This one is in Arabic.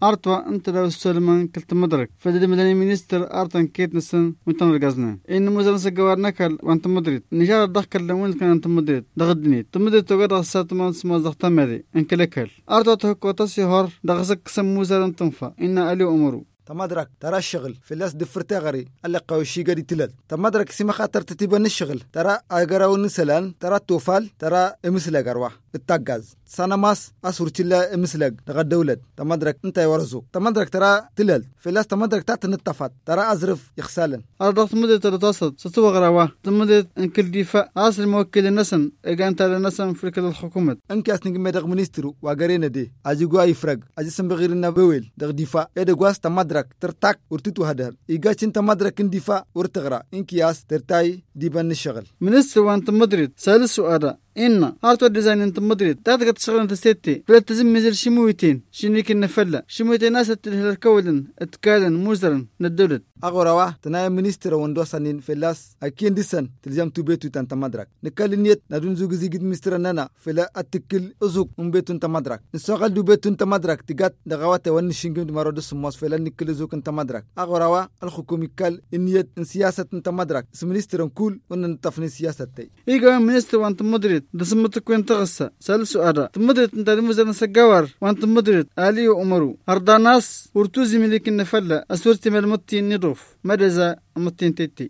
Артва антада Сулейман калтмадрак. Федер медани министр Артан Кейтнесен мутанргазна. Ин музамса гаварнакал вантамадрит. Нижар дахкал лемун кан антамадрит. Дагдни. Тумадрит тогар асатман сма захтамади. Анкалекал. Артва тохкота сихар дагзак ксам музаран тунфа. Инна али умру. تمدرك ترى الشغل في الناس دفرتا غري ألا قوشي قدي تلال تمدرك سيما خاطر تتبان الشغل ترى أقرأ نسلان ترى توفال ترى مثل أقرواح እታጋዝ ሳናማስ ኣሱርችለ እምስለግ ተቐደውለድ ተመድረክ እንታይ ወረሱ ተመድረክ ተራ ትለል ፍላስ ተመድረክታት ትንጠፋት ተራ ኣዝርፍ ይኽሳለን ኣርዳኽ ትምድር ተለታሰት ስትወቕረዋ ትምድር እንክልዲፋእ ኣስ ልመወኪል ነሰን እጋንታ ለነሰን ፍልክል ልሕኩመት እንኪያስ ንግሜደቕ ሚኒስትሩ ዋገሬ ነዴ ኣዚጓ ይፍረግ ኣዚ ስምብቒርና በዌል ደቕዲፋ ኤደጓስ ተመድረክ ትርታክ ውርቲት ውሃደር ኢጋችን ተመድረክ እንዲፋ ውርትቕራ እንኪያስ ትርታይ ዲበን ሸቕል ሚኒስትር ዋንቲ ምድሪት ሰልስ ዋዳ إن أرتو ديزاين انت مدريد تاتك تشغل انت ستي بلا تزم مزل شمويتين شنيك النفلة شمويتين ناس تلهل كولن اتكالن مزرن ندولت أغوروا تنا منستر وندوسانين فلاس أكين ديسن تلزم تبيتو تان تمدرك نكال نيت ندون زوج زيجد مستر نانا فلا أتكل أزوك مبيتو تمدرك نسوغل دوبيتو تمدرك تجات دغوات ون شينجم مرود سموس فلا نكل زوك تمدرك أغوروا الحكومة كال نيت سياسة تمدرك سمنستر كول وننتفن سياسة تي إيجا منستر وانت مدريد دسمت كوين تغسى سال سؤال تمدريد انت مزرن سجوار وانت مدريد علي وعمرو أرداناس ورتوزي ملك النفلة أسورتي ملمتي النضو تضف مدزا متنتتي